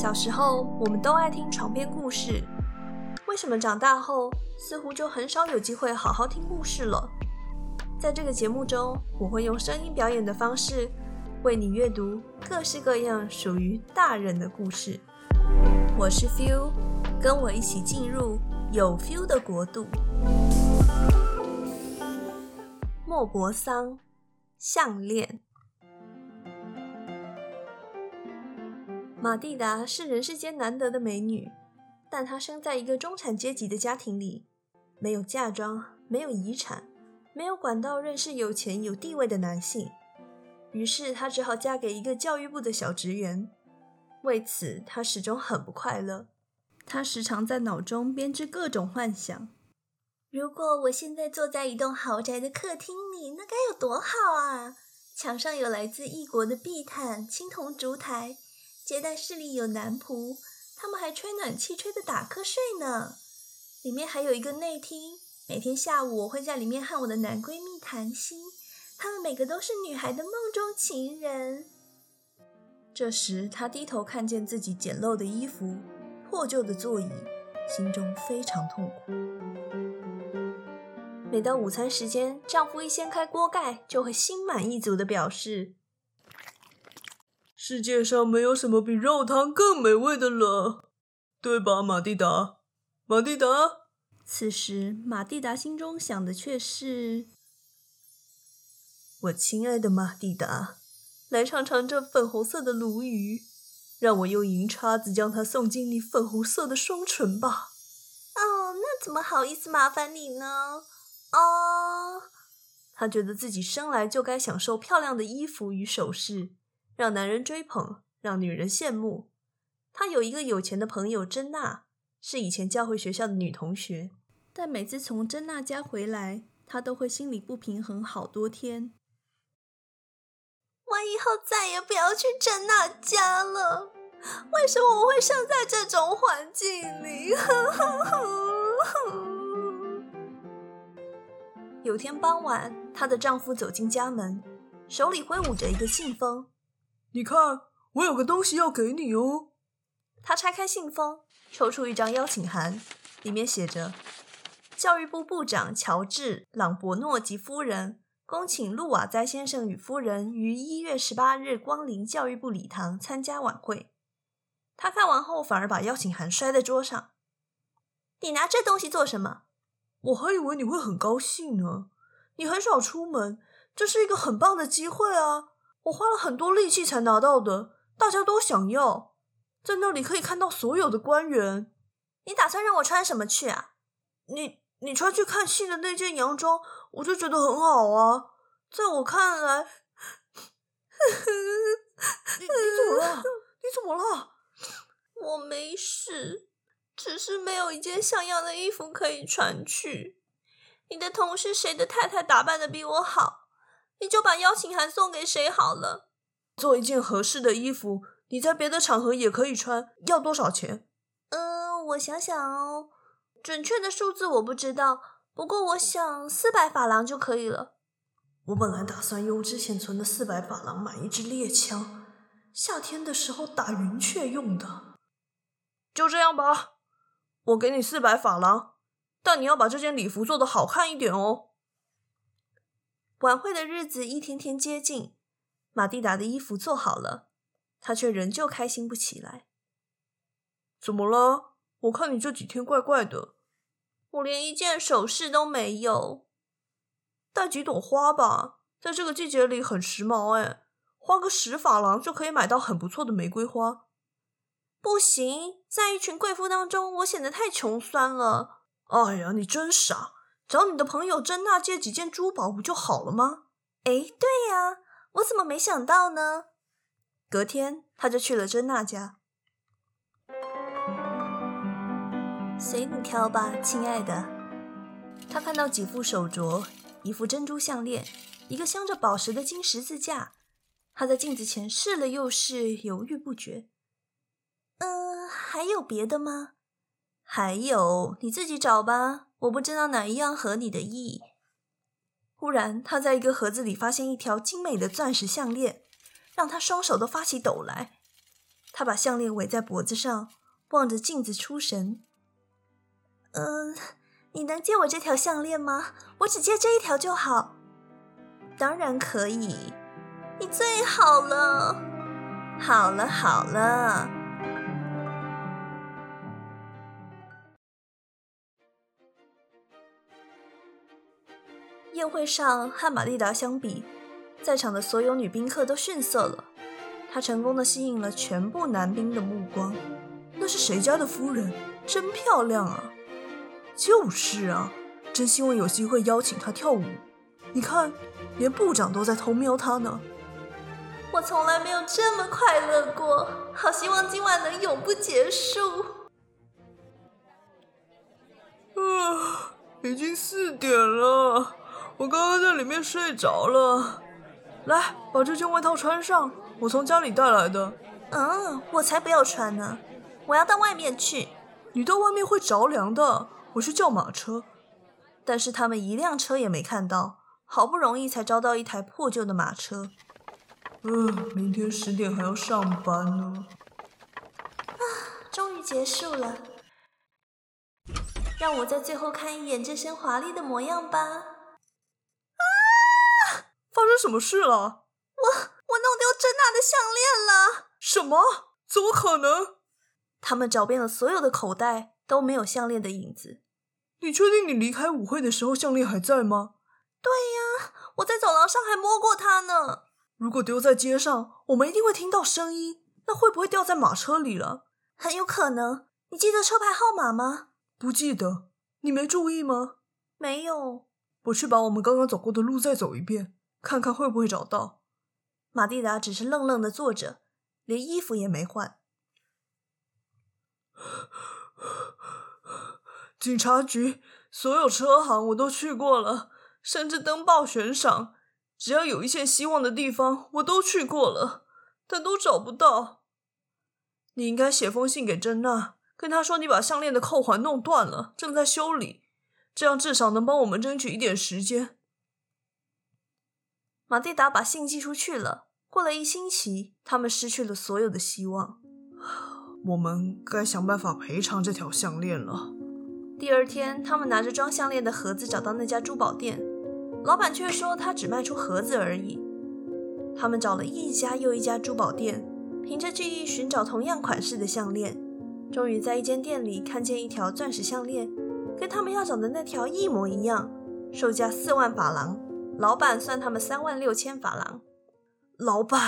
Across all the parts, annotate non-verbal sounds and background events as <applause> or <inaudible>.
小時候，我們都愛聽床邊故事。為什麼長大後，似乎就很少有機會好好聽故事了？在這個節目中，我會用聲音表演的方式，為你閱讀各式各樣屬於大人的故事。我是 few，跟我一起進入有 few 的國度。莫泊桑，《項鏈》。馬蒂達是人世間難得的美女，但她生在一個中產階級的家庭裡，沒有嫁妝，沒有遺產，沒有管道認識有錢有地位的男性，於是她只好嫁給一個教育部的小職員。為此，她始終很不快樂。她時常在腦中編織各種幻想：如果我現在坐在一棟豪宅的客廳裡，那該有多好啊！牆上有來自異國的壁毯，青銅燭台。接待室裡有男僕，他們還吹暖氣吹的打瞌睡呢。裡面還有一個內廳，每天下午我會在裡面和我的男閨蜜談心，他們每個都是女孩的夢中情人。這時，她低頭看見自己簡陋的衣服、破舊的座椅，心中非常痛苦。每到午餐時間，丈夫一掀開鍋蓋，就會心滿意足的表示。世界上沒有什麼比肉湯更美味的了，對吧，瑪蒂達？瑪蒂達？此時，瑪蒂達心中想的卻是：我親愛的瑪蒂達，來嚐嚐這粉紅色的鱸魚，讓我用銀叉子將它送進你粉紅色的雙唇吧。哦，Oh，那怎麼好意思麻煩你呢？哦，她覺得自己生來就該享受漂亮的衣服與首飾。讓男人追捧，讓女人羨慕。她有一個有錢的朋友珍娜，是以前教會學校的女同學。但每次從珍娜家回來，她都會心裡不平衡好多天。我以後再也不要去珍娜家了。為什麼我會生在這種環境裡？ <laughs> 有天傍晚，她的丈夫走進家門，手裡揮舞着一個信封。你看，我有個東西要給你哦。他拆開信封，抽出一張邀請函，裡面寫着：“教育部部長喬治·朗伯諾及夫人恭請路瓦栽先生與夫人於一月十八日光臨教育部禮堂參加晚會。”他看完後，反而把邀請函摔在桌上。“你拿這東西做什麼？”“我還以為你會很高興呢、啊。你很少出門，這是一個很棒的機會啊。”我花了很多力氣才拿到的，大家都想要。在那裡可以看到所有的官員。你打算讓我穿什麼去啊？你你穿去看戲的那件洋裝，我就覺得很好啊。在我看來， <laughs> 你，你怎麼了？ <laughs> 你怎麼了？我沒事，只是沒有一件像樣的衣服可以穿去。你的同事誰的太太打扮得比我好？你就把邀請函送給誰好了。做一件合適的衣服，你在別的場合也可以穿。要多少錢？嗯，我想想哦，準確的數字我不知道。不過我想四百法郎就可以了。我本來打算用之前存的四百法郎買一支獵槍，夏天的時候打雲雀用的。就這樣吧，我給你四百法郎，但你要把這件禮服做得好看一點哦。晚會的日子一天天接近，瑪蒂達的衣服做好了，她卻仍舊開心不起來。怎麼了？我看你這幾天怪怪的。我連一件首飾都沒有，帶幾朵花吧，在這個季節裡很時髦誒，哎，花個十法郎就可以買到很不錯的玫瑰花。不行，在一群貴婦當中，我顯得太窮酸了。哎呀，你真傻。找你的朋友珍娜借幾件珠寶不就好了嗎？哎，對呀、啊，我怎麼沒想到呢？隔天，她就去了珍娜家。隨你挑吧，親愛的。她看到幾副手鐲，一副珍珠項鏈，一個鑲着寶石的金十字架。她在鏡子前試了又試，猶豫不決。嗯、呃，還有別的嗎？還有，你自己找吧。我不知道哪一樣合你的意。忽然，他在一個盒子裡發現一條精美的鑽石項鏈，讓他雙手都發起抖來。他把項鏈圍在脖子上，望着鏡子出神。嗯，你能借我這條項鏈嗎？我只借這一條就好。當然可以，你最好了。好了，好了。宴會上，和瑪蒂達相比，在場的所有女賓客都遜色了。她成功的吸引了全部男賓的目光。那是誰家的夫人？真漂亮啊！就是啊，真希望有機會邀請她跳舞。你看，連部長都在偷瞄她呢。我從來沒有這麼快樂過，好希望今晚能永不結束。啊，已經四點了。我剛剛在裡面睡着了，來，把這件外套穿上，我從家裡帶來的。嗯、啊，我才不要穿呢，我要到外面去。你到外面會着涼的。我去叫馬車，但是他們一輛車也沒看到，好不容易才招到一台破舊的馬車。嗯、呃，明天十點還要上班呢。啊，終於結束了，讓我在最後看一眼這身華麗的模樣吧。發生什麼事了啊？我我弄丟珍娜的項鏈了。什麼？怎麼可能？他們找遍了所有的口袋，都沒有項鏈的影子。你確定你離開舞會的時候項鏈還在嗎？對呀啊，我在走廊上還摸過它呢。如果丟在街上，我們一定會聽到聲音，那會不會掉在馬車裡了？很有可能。你記得車牌號碼嗎？不記得。你沒注意嗎？沒有。我去把我們剛剛走過的路再走一遍。看看會不會找到？馬蒂達只是愣愣地坐着，連衣服也沒換。警察局、所有車行我都去過了，甚至登報懸賞，只要有一線希望的地方我都去過了，但都找不到。你應該寫封信給珍娜，跟她說你把項鏈的扣環弄斷了，正在修理，這樣至少能幫我們爭取一點時間。瑪蒂達把信寄出去了。過了一星期，他們失去了所有的希望。我們該想辦法賠償這條項鏈了。第二天，他們拿着裝項鏈的盒子找到那家珠寶店，老闆卻說他只賣出盒子而已。他們找了一家又一家珠寶店，憑着記憶尋找同樣款式的項鏈，終於在一間店裡看見一條鑽石項鏈，跟他們要找的那條一模一樣，售價四萬法郎。老闆算他們三萬六千法郎。老闆，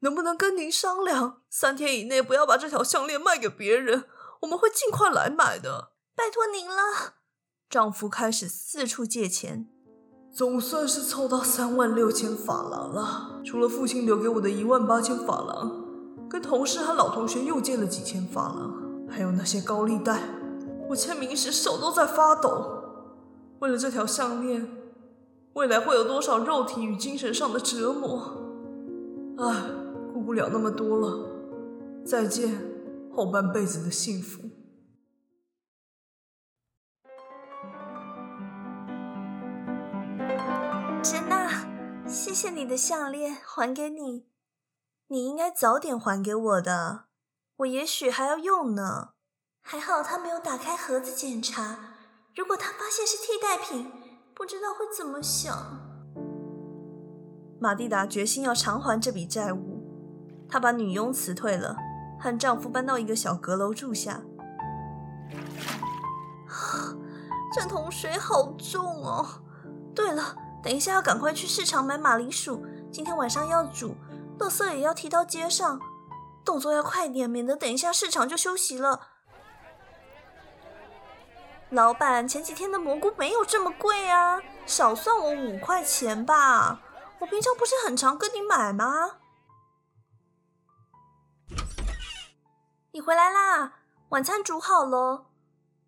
能不能跟您商量？三天以內不要把這條項鏈賣給別人，我們會儘快來買的，拜托您了。丈夫開始四處借錢，總算是湊到三萬六千法郎了。除了父親留給我的一萬八千法郎，跟同事和老同學又借了幾千法郎，還有那些高利貸。我簽名時手都在發抖，為了這條項鏈。未來會有多少肉體與精神上的折磨？唉，顧不了那麼多了。再見，後半輩子的幸福。珍娜啊，謝謝你的項鏈，還給你。你應該早點還給我的，我也許還要用呢。還好他沒有打開盒子檢查，如果他發現是替代品。不知道會怎麼想。瑪蒂達決心要償還這筆債務，她把女傭辭退了，和丈夫搬到一個小閣樓住下。這桶水好重哦！對了，等一下要趕快去市場買馬鈴薯，今天晚上要煮，垃圾也要提到街上，動作要快點，免得等一下市場就休息了。老闆，前幾天的蘑菇沒有這麼貴啊，少算我五塊錢吧。我平常不是很常跟你買嗎？你回來啦，晚餐煮好嘍。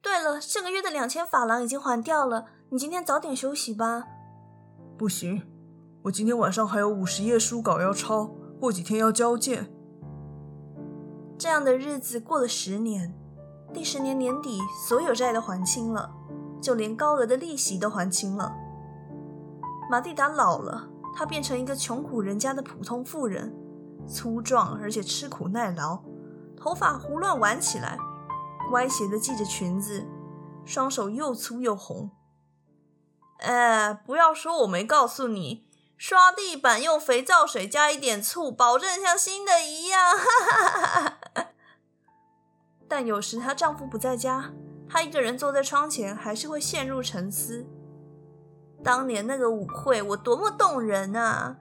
對了，這個月的兩千法郎已經還掉了。你今天早點休息吧。不行，我今天晚上還有五十頁書稿要抄，過幾天要交件。這樣的日子過了十年。第十年年底，所有債都還清了，就連高額的利息都還清了。馬蒂達老了，她變成一個窮苦人家的普通婦人，粗壯而且吃苦耐勞，頭髮胡亂輓起來，歪斜的繫着裙子，雙手又粗又紅。哎、呃，不要說我沒告訴你，刷地板用肥皂水加一點醋，保證像新的一樣。哈哈哈哈哈但有時她丈夫不在家，她一個人坐在窗前，還是會陷入沉思。當年那個舞會，我多麼動人啊！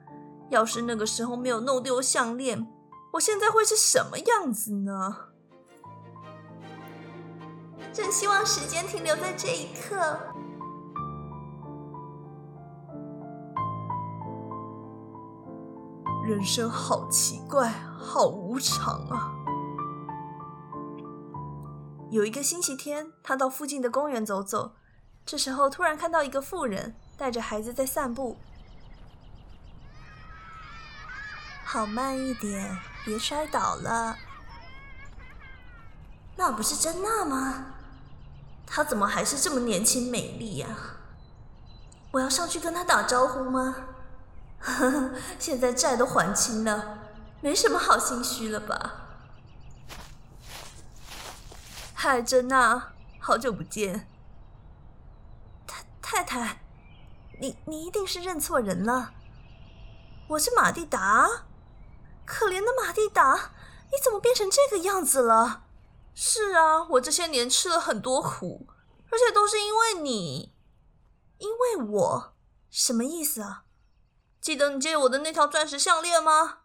要是那個時候沒有弄丟項鏈，我現在會是什麼樣子呢？真希望時間停留在這一刻。人生好奇怪，好無常啊。有一個星期天，他到附近的公園走走，這時候突然看到一個婦人帶着孩子在散步。跑慢一點，別摔倒了。那不是珍娜嗎？她怎麼還是這麼年輕美麗呀、啊？我要上去跟她打招呼嗎？呵呵，現在債都還清了，沒什麼好心虛了吧？嗨，珍娜，好久不見。太太太，你你一定是認錯人了。我是馬蒂達，可憐的馬蒂達，你怎麼變成這個樣子了？是啊，我這些年吃了很多苦，而且都是因為你，因為我？什麼意思啊？記得你借我的那條鑽石項鏈嗎？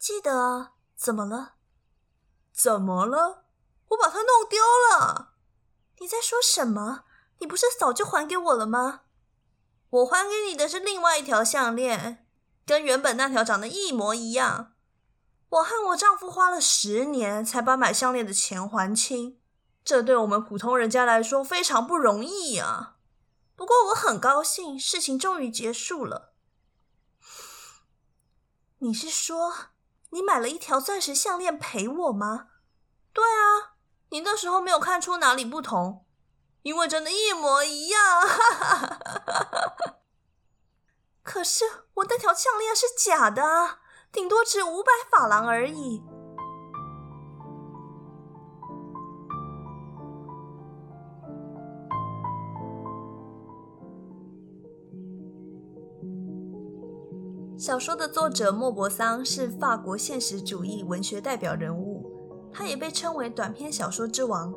記得啊。怎麼了？怎麼了？我把它弄丟了。你在說什麼？你不是早就還給我了嗎？我還給你的是另外一條項鏈跟原本那條長得一模一樣。我和我丈夫花了十年才把買項鏈的錢還清，這對我們普通人家來說非常不容易啊。不過我很高興，事情終於結束了。你是說你買了一條鑽石項鏈陪我嗎？對啊。你那時候沒有看出哪裡不同，因為真的一模一樣。 <laughs> <laughs> 可是我那條項鏈是假的，頂多值五百法郎而已。 <noise> 小說的作者莫泊桑是法國現實主義文學代表人物。他也被稱為短篇小說之王，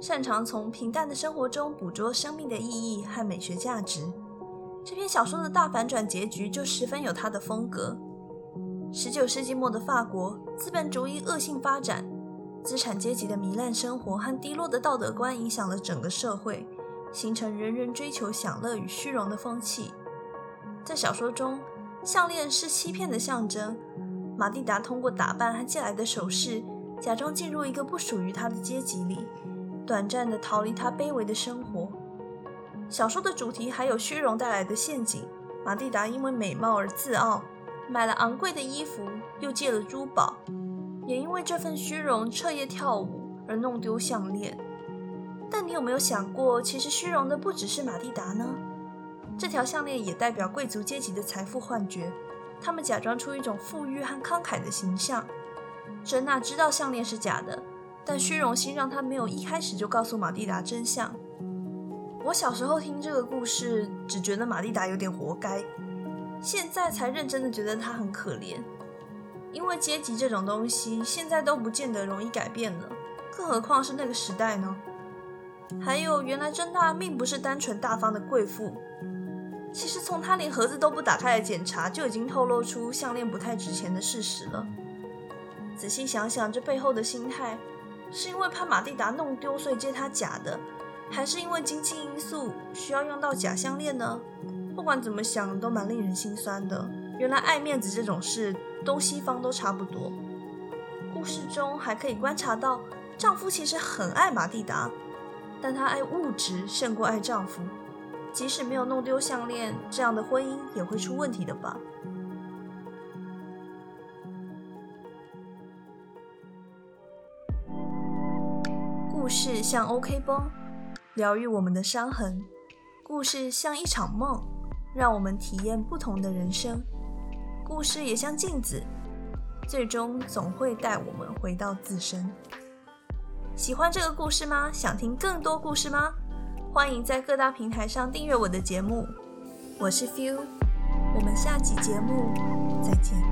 擅長從平淡的生活中捕捉生命的意義和美學價值。這篇小說的大反轉結局就十分有他的風格。十九世紀末的法國，資本主義惡性發展，資產階級的糜爛生活和低落的道德觀影響了整個社會，形成人人追求享樂與虛榮的風氣。在小說中，項鏈是欺騙的象徵，瑪蒂達通過打扮和借來的首飾。假裝進入一個不屬於他的階級裡，短暫地逃離他卑微的生活。小說的主題還有虛榮帶來的陷阱。馬蒂達因為美貌而自傲，買了昂貴的衣服，又借了珠寶，也因為這份虛榮徹夜跳舞而弄丟項鏈。但你有沒有想過，其實虛榮的不只是馬蒂達呢？這條項鏈也代表貴族階級的財富幻覺，他們假裝出一種富裕和慷慨的形象。珍娜知道項鏈是假的，但虛榮心讓她沒有一開始就告訴瑪蒂達真相。我小時候聽這個故事，只覺得瑪蒂達有點活該；現在才認真地覺得她很可憐，因為階級這種東西現在都不見得容易改變了，更何況是那個時代呢？還有，原來珍娜並不是單純大方的貴婦。其實從她連盒子都不打開來檢查，就已經透露出項鏈不太值錢的事實了。仔細想想，這背後的心態，是因為怕馬蒂達弄丟，所以借她假的，還是因為經濟因素需要用到假項鏈呢？不管怎麼想，都蠻令人心酸的。原來愛面子這種事，東西方都差不多。故事中還可以觀察到，丈夫其實很愛馬蒂達，但她愛物質勝過愛丈夫。即使沒有弄丟項鏈，這樣的婚姻也會出問題的吧？像 OK 繃，療癒我們的傷痕；故事像一場夢，讓我們體驗不同的人生。故事也像鏡子，最終總會帶我們回到自身。喜歡這個故事嗎？想聽更多故事嗎？歡迎在各大平台上訂閱我的節目。我是 Few，我們下期節目再見。